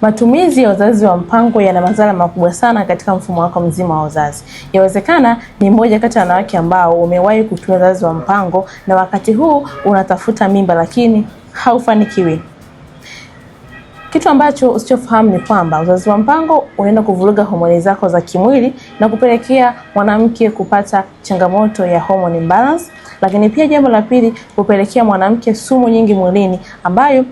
Matumizi ya uzazi wa mpango yana madhara makubwa sana katika mfumo wako mzima wa uzazi. Yawezekana ni mmoja kati ya wanawake ambao umewahi kutumia uzazi wa mpango na wakati huu unatafuta mimba lakini haufanikiwi. Kitu ambacho usichofahamu ni kwamba uzazi wa mpango unaenda kuvuruga homoni zako za kimwili na kupelekea mwanamke kupata changamoto ya hormone imbalance, lakini pia jambo la pili, kupelekea mwanamke sumu nyingi mwilini ambayo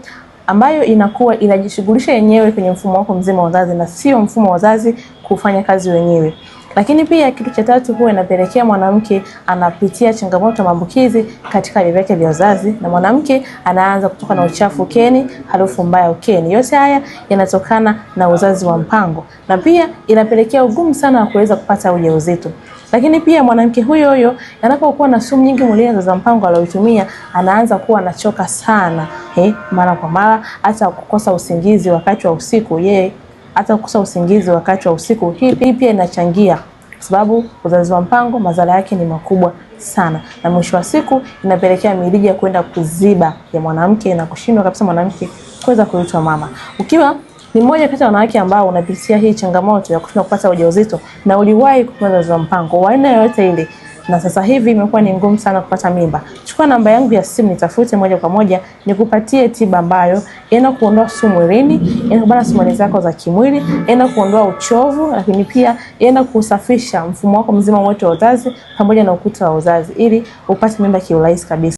ambayo inakuwa inajishughulisha yenyewe kwenye mfumo wako mzima wa uzazi na sio mfumo wa uzazi kufanya kazi wenyewe. Lakini pia kitu cha tatu, huwa inapelekea mwanamke anapitia changamoto maambukizi katika vyai vyake vya uzazi, na mwanamke anaanza kutoka na uchafu ukeni, harufu mbaya ukeni. Yote haya yanatokana na uzazi wa mpango, na pia inapelekea ugumu sana wa kuweza kupata ujauzito. Lakini pia mwanamke huyo huyo anapokuwa na sumu nyingi mwilini za mpango aliyotumia, anaanza kuwa anachoka sana eh, mara kwa mara, hata kukosa usingizi wakati wa usiku yeye hata kukosa usingizi wakati wa usiku. Hii pia inachangia kwa sababu uzazi wa mpango madhara yake ni makubwa sana, na mwisho wa siku inapelekea mirija kwenda kuziba ya mwanamke na kushindwa kabisa mwanamke kuweza kuitwa mama. Ukiwa ni mmoja kati ya wanawake ambao unapitia hii changamoto ya kushindwa kupata ujauzito na uliwahi kupata uzazi wa mpango wa aina yoyote ile na sasa hivi imekuwa ni ngumu sana kupata mimba, chukua namba yangu ya simu, nitafute moja kwa moja nikupatie tiba ambayo ina kuondoa sumu mwilini, ina kubana sumu zako za kimwili, ina kuondoa uchovu, lakini pia ina kusafisha mfumo wako mzima wote wa uzazi pamoja na ukuta wa uzazi, ili upate mimba kiurahisi kabisa.